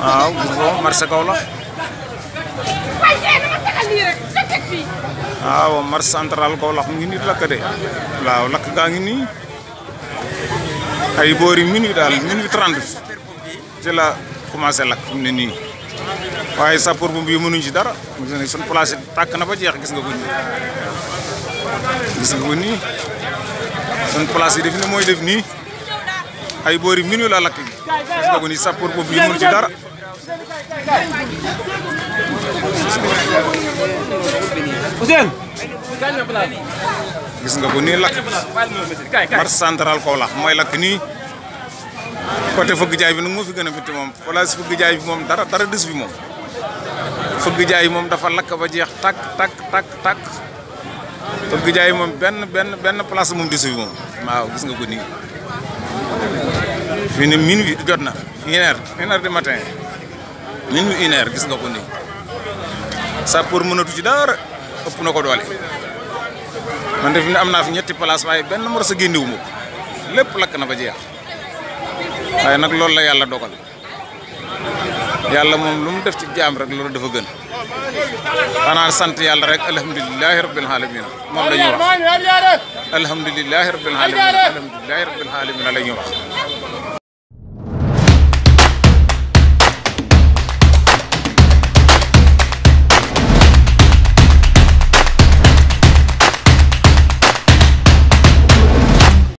waaw gis nga ko marché Kaolack waaw marché central mu ngi nii lakk de waaw lakk gaa ngi nii ay boori minuit daal minuit trente ci la commencé lakk fi mu ne nii waaye sapeur boobu yi mënuñ ci dara gis nga suñ place tàkk na ba jeex gis nga ko nii gis nga ko nii suñ place yi def ni mooy def nii ay boori minuit la lakk gis nga boobu yi dara Ousseynou. gis nga ko nii lakk marché central Kaolack mooy lakk nii côté fëgg jaay bi nag moo fi gën a fitti moom place fëgg jaay bi moom dara dara des fi moom fëgg jaay moom dafa lakk ba jeex takk takk takk takk fëgg jaay moom benn benn benn place moom desu fi moom waaw gis nga ko nii fii ne min bi jot na une heure une heure minuit une heure gis nga ko nii sapeur mënatu ci dara ëpp na ko doole man am naa fi ñetti place waaye benn morso génnewu ma ko lépp lakk na ba jeex waaye nag loolu la yàlla dogal yàlla moom lu mu def ci jaam rek loolu dafa gën xanaa sant yàlla rek alhamdulilahi rabbil alamin moom la ñuy wax alhamdulilahi rabbil alamin alhamdulilahi rabbil alamin la ñuy wax